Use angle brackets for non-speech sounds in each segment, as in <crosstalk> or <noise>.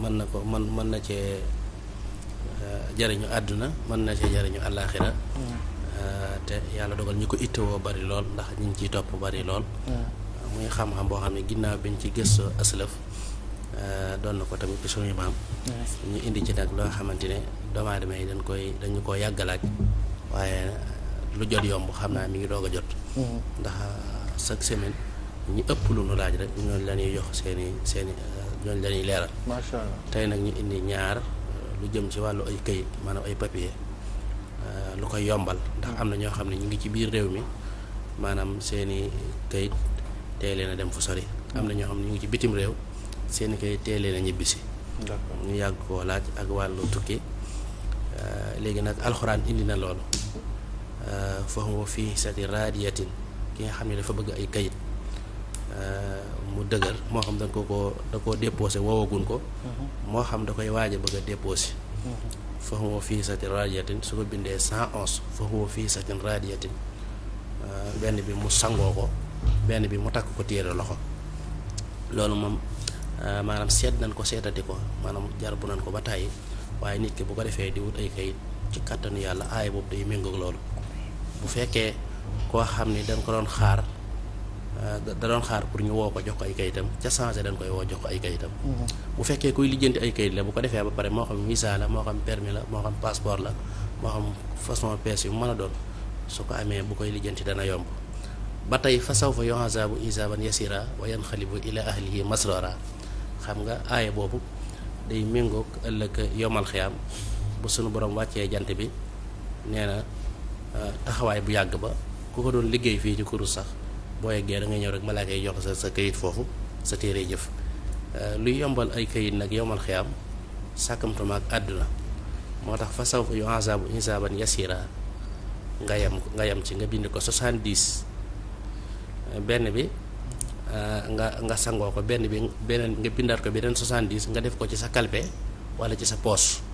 mën na ko mën mën na cee euh, jariñu àdduna mën na cee jariñu àllaaxira mm. euh, te yàlla dogal ñu ko ittewoo bari lool ndax ñu ngi ciy topp bari lool mm. muy xam-xam boo xam ne ginnaaw biñ ci gëstoo aslëf euh, doon na ko tamit ci suñuy maam ñu indi ci nag loo xamante ne doomu dañ koy dañu koo yàggalaaj waaye lu jot yomb xam naa mi ngi doog a jot mm. ndax chaque semaine ñu ëpp lu nu laaj rek ñooñu la ñuy jox seeni seeni ñooñu dañuy leeral. macha tey nag ñu indi ñaar euh, lu jëm ci wàllu ay kayit maanaam ay papier euh, lu ko yombal ndax am na ñoo xam ne ñu ngi ci biir réew mi maanaam seeni kayit teel leen dem fu sori. am na ñoo xam ne ñu ngi ci bitim réew seeni këyit teel leen ñibbisi. ñu yàgg koo laaj ak wàllu tukki euh, léegi nag alxuraan indi na loolu fa huwa fii sati raadiyatin ki nga xam ne dafa bëgg ay kayit dëgër moo xam da nga koo da koo déposé woowagun ko mhm. moo xam da koy waaj a bëgg a déposé mhm. fa huwa fii satin radiatin su ko bindee cent onze fa huwa fii satin radiatin euh, benn bi mu sangoo ko benn bi mu takk ko téere loxo loolu moom euh, maanaam seet nañ ko seetati ko maanaam jar bu nañ ko ba tàyyi waaye nit ki bu ko defee di wut ay kayit ci kàttanu yàlla aay boobu day méngoog loolu bu fekkee koo xam ni dañ ko doon xaar da doon xaar pour ñu woo ko jox ko ay kayitam ca changé dañ koy woo jox ko ay kayitam. Mhm. bu fekkee kuy lijjanti ay kayit la bu ko defee ba pare moo xam visa la moo xam permis la moo xam passeport la moo xam façon pièce yu mën a doon su ko amee bu koy lijjanti dana yomb. ba tey fa saw fa yohazabu isaban yasira wa yanxalibu ila ahlihi masrora xam nga aaya boobu day méngoog ëllëg yomal xiyaam bu sunu borom wàccee jant bi nee na euh, taxawaay bu yàgg ba ku ko doon liggéey fii ci kurus sax boo yeggee da ngay ñëw rek malaaka yi jox sa sa kayit foofu sa téere jëf euh, luy yombal ay kayit nag yomal xiyaam sàkkamtuma ak àdduna moo tax fa sawfa yu asaabu insaaban yasira nga yam nga yam ci nga bind ko 70 benn bi euh, nga nga sangoo ko benn bi beneen nga bindaat ko beneen 70 nga def ko ci sa kalpe wala ci sa poos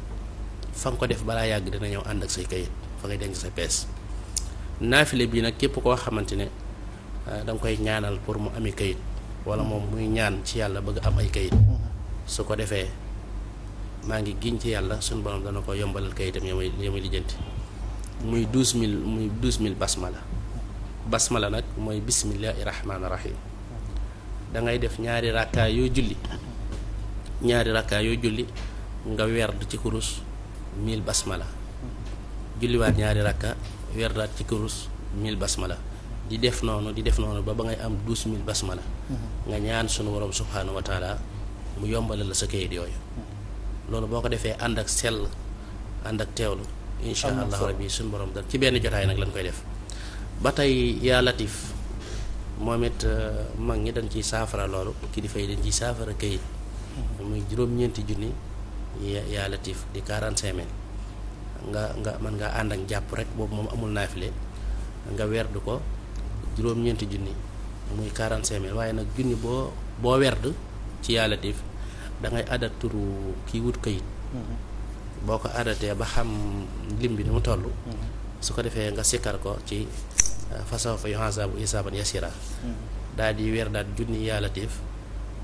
fa ko def balaa yàgg dina ñëw ànd ak say kayit fa ngay denc sa pees naafile bii nag képp koo xamante Euh, da nga koy ñaanal pour mu ami kayit wala moom muy ñaan ci yàlla bëgg am ay kayit su ko defee maa ngi giñ ci yàlla suñu borom dana ko yombalal kayitam ya muy ya lijjanti muy douze mille muy douze mille basmala la nag mooy bismillahi rahmaani rahim da ngay def ñaari rakkaa yoo julli ñaari rakkaa yoo julli nga werd ci kurus mille la julliwaat ñaari rakka werdaat ci kurus mille la di def noonu di def noonu ba ba ngay am douze mille basmala mm-hmm. nga ñaan sunu borom subhaanahu wa taala mu yombalal la sa kayit yooyu mm-hmm. loolu boo ko defee ànd ak sell ànd ak teewlu insha allah rabbi sunu borom da ci benn jotaay nag lañ koy def ba tey yàlla latif moom it euh, mag ñi dañ ci saafara loolu kilifa yi dañ ci saafara kayit mm-hmm. muy juróom-ñeenti junni yaa latif di quarante cinq mille nga nga mën nga ànd ak jàpp rek boobu moom amul naafile nga werdu ko juróom-ñeenti junni muy 45000 waaye nag junni boo boo werd ci yàlla def da ngay adat turu kii wut kayit. Mm-hmm. boo ko adatee ba xam lim bi ni mu toll. Mm-hmm. su ko defee nga sikkar ko ci euh, façon fa yuhasabu hisaban yasira mm-hmm. daal di weer daal junni yàlla def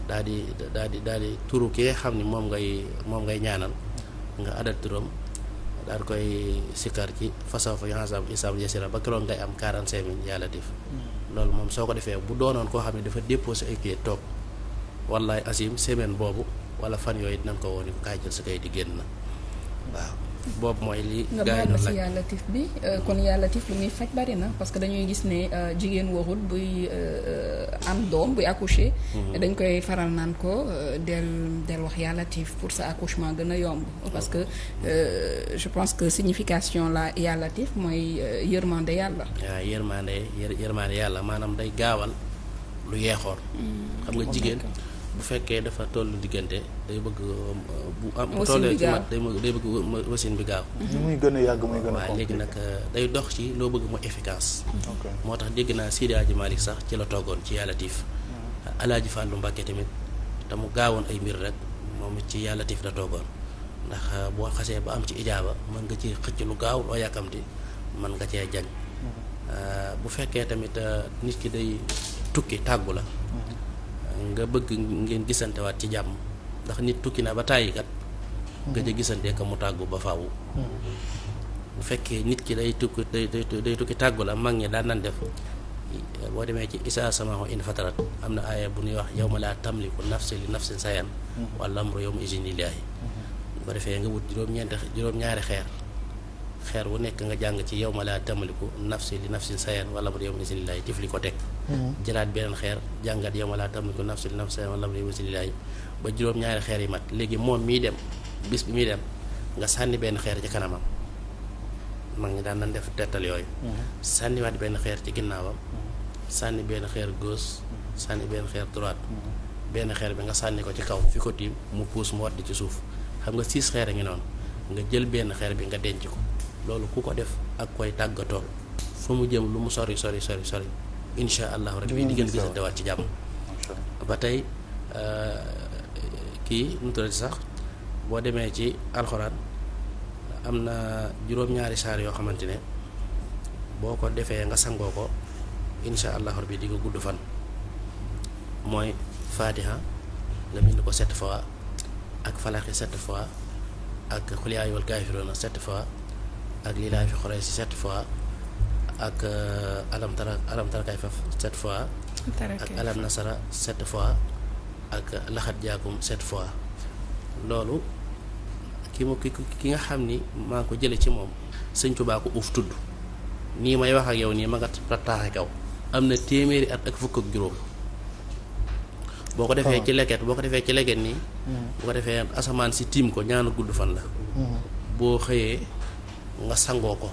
daal di daal di daal di turu ki nga xam ni moom ngay moom ngay ñaanal nga adat turam. daal koy sikkar ci façon fa yoxasab isab yasira ba keroog ngay am 45000 yàlla def hmm. loolu moom soo ko defee bu doonoon koo xam ne dafa déposé ay kayit toog wallaay asim semaine boobu wala fan yooyu dinañ ko woon kaay jël sa kayit di génn na waaw boobu mooy li nga baal ma si yàlla tif bi hmm. kon yàlla tif lu muy faj bari na parce que dañuy gis ne euh, jigéen warul buy euh, euh, am doom buy accoucher. Mhm. dañ koy faral naan ko euh, del del wax yàlla tiif pour sa accouchement gën a yomb. parce que euh, je pense que signification la yàlla tiif mooy euh, yërmande yàlla. waaw ah, yërmande yërmande yàlla maanaam day gaawal lu yeexoon. Mm. xam nga jigéen. bu fekkee dafa toll diggante day bëgg euh, bu am bu tollee ci day day bëgg machine bi gaaw. ni muy gën a yàgg muy gën a waaw léegi nag euh, day dox ci loo bëgg mu efficace. moo tax dégg naa Sidi Hadji Malick sax ci la toogoon ci yàlla tiif. Mm. Alaaji Fàllu Mbàkke tamit te mu gaawoon ay mbir rek moom ci yàlla tiif la toogoon ndax euh, boo xasee ba am ci ijaaba mën nga ci xëcc lu gaaw loo yàkkamti mën nga cee jañ. Mm-hmm. bu fekkee tamit nit ki day tukki tàggu la. Mm-hmm. nga bëgg ngeen gisantewaat ci jàmm ndax nit tukki naa ba tàyyi kat nga ja gisante ka mu tàggu ba faw bu fekkee nit ki day tukki day day tukki tàggu la mag ñi daan nan def boo demee ci isaa samahu in fatarat am na aaya bu ñuy wax yow ma laa tamliku nafsi li nafsin sayan wala amru yow ma izinillaahi bu ko defee nga wut juróom-ñeenti juróom-ñaari xeer xeer wu nekk nga jàng ci yow ma laa tamliku nafsi li nafsin sayan wala amru yow ma izinillaahi tifli ko tek jëlaat beneen xeer jàngat yawma laa tamliku nafsun li nafsin shay'an bi izni llaahi ba juróom-ñaari xeer yi mat léegi moom miy dem bis bi muy dem nga sànni benn xeer ci kanamam mag ñi daan nañ def tettal yooyu. sànniwaat benn xeer ci ginnaawam. sànni benn xeer góos sànni benn xeer droite. benn xeer bi nga sànni ko ci kaw fi ko tiim mu puus mu wadd ci suuf xam nga six xeer a ngi noonu nga jël benn xeer bi nga denc ko loolu ku ko def ak koy tàggatool fa mu jëm lu mu sori sori sori sori. incha allahu rabbi di ngeen gis dawaat ci jàmm. ba tey euh, kii nu sax boo demee ci alxuraan am na juróom-ñaari saar yoo xamante ne boo ko defee nga sangoo ko incha allahu rabbi di nga gudd fan mooy Fatiha nga bind ko sept fois ak Falaqi sept fois ak Xul yaa ayyuhal kaafiruuna sept fois ak Lilaafi si sept fois. ak euh, alam tara alam tara kay faf sept fois ak alam nasara sept fois ak laxat jaakum set fois loolu ki ma ki ki nga xam ni maa ngi ko jële ci moom sëñ Tuubaa ko uuf tudd nii may wax ak yow nii ma nga rattaaxe kaw am na téeméeri at ak fukk ak juróom boo ko defee ci leket boo ko defee ci leget nii boo ko defee asamaan si tiim ko ñaanu gudd fan la mm-hmm. boo xëyee nga sangoo ko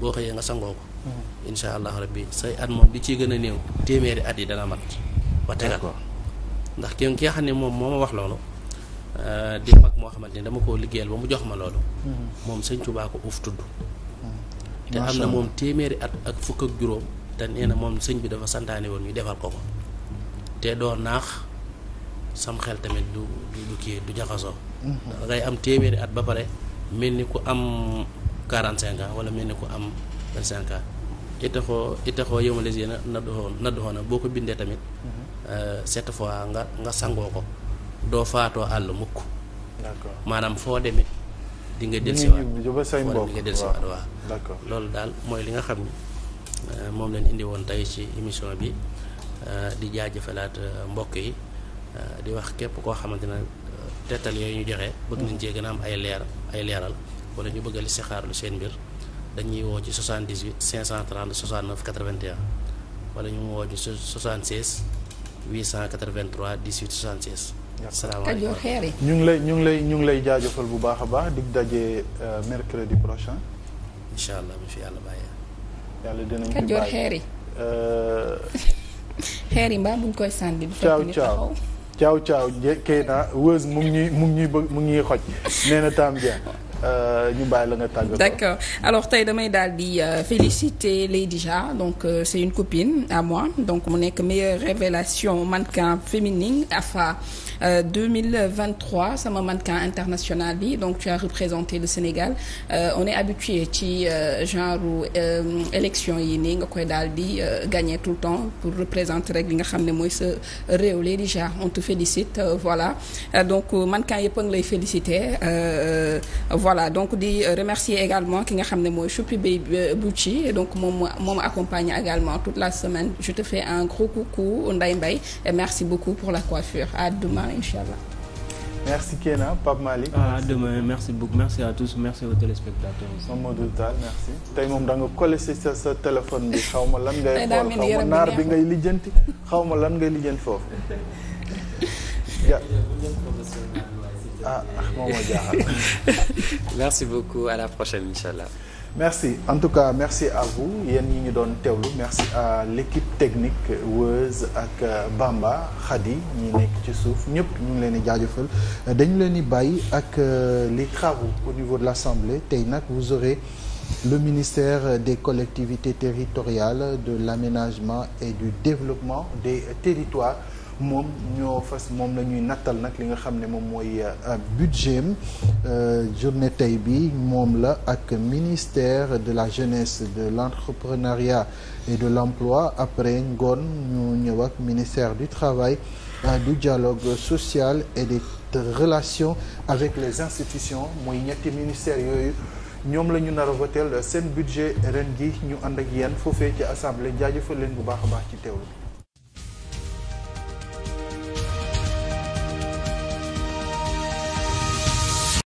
boo xëyee nga sangoo ko. Mm. incha allah rabbi say at moom li ciy gën a néew téeméeri at yi dana mat. ba tegal ko ndax ki nga xam ne moom moo ma wax loolu. Euh, di ak moo xamante ni dama koo liggéeyal ba mu jox ma loolu. Mm. moom sëñ Tuubaa ko uuf tudd. Mm. te am na moom téeméeri at ak fukk ak juróom te nee na moom sëñ bi dafa santaane woon ñu defal ko ko. te doo naax sam xel tamit du du kii du jaxasoo. Mm-hmm. da ngay am téeméeri at ba pare mel ni ku am. quarante cinq wala mel ni ku am vingt cinq ans itaxoo itaxoo yow ma les yéen a nadduxoo nadduxoo na boo ko bindee tamit cette mhm. euh, fois nga nga sangoo ko doo faatoo àll mukk maanaam foo demit di nga dellusiwaat foo di nga dellusiwaat waaw loolu daal mooy li nga xam ni euh, moom leen indi woon tey ci émission bi euh, di jaajëfalaat mbokk yi di wax képp koo xamante ne tettal yooyu ñu joxe bëgg nañ cee gën a am ay leer ay leeral wala ñu bëgg a lu seen mbir dañuy woo ci 78 530 69 81 wala ñu woo ci 76 883 18 76. asalaamaaleykum xeer yi. ñu ngi lay ñu ngi lay ñu ngi lay jaajëfal bu baax a baax dig daje euh, mercredi prochain. incha allah bu fi yàlla bàyyee. yàlla dinañ fi bàyyi xeer yi. Euh, <laughs> xeer yi mbaa koy sànni. du fekk ni taxaw caaw caaw caaw caaw Kéna wëz mu ngi ñuy ñuy bëgg mu ngi ñuy xoj <laughs> nee na Tam Euh, ñu bàyyi la d'accord alors tey damay daal di euh, féliciter Lady dijà donc euh, c'est une copine à moi donc mu nekk meilleure révélation mannequin féminine AFA euh, 2023 sama mannequin international bi donc tu as représenté le Sénégal euh, on est habitué ci euh, genre élection yi nii nga koy daal di gagner tout le temps pour représenter rek li nga xam ne mooy sa réew Lady Ja on te félicite voilà donc mannequin yëpp a ngi lay féliciter. voilà donc di euh, remercier également ki nga xam ne mooy Choupi Bey euh, Bouchi donc moom moom accompagne également toute la semaine je te fais un gros coucou Ndeye Mbaye et merci beaucoup pour la coiffure à demain inchallah merci Kéna Pape Malick. ah merci beaucoup merci à tous merci aux téléspectateurs. moom da nga sa téléphone bi xaw ma lan ngay <laughs> xool xaw ma ngay lijjanti xaw ma lan ngay lijjanti foofu. <laughs> ah moom moo jaaxal. <laughs> merci beaucoup à la prochaine incha merci en tout cas merci à vous yéen ñi ñu doon teewlu merci à l'équipe technique Weuz ak euh, Bamba Khady ñi nekk ci suuf ñëpp ñu ngi leen di jaajëfal dañu leen di bàyyi ak euh, les travaux au niveau de l'Assemblée tey nag vous aurez le ministère des collectivités territoriales de l'aménagement et du développement des territoires moom ñoo fas moom la ñuy nattal nag li nga xam ne moom mooy euh, budget euh, journée tey bi moom la ak ministère de la jeunesse de l'entrepreneuriat et de l'emploi après ngoon ñu ñëw ak ministère du travail euh, du dialogue social et des relations avec les institutions mooy ñetti ministères yooyu ñoom la ñu nar seen budget ren gi ñu ànd ak yéen foofee ci assemblée jaajëfal leen bu baax a baax ci teewlu bi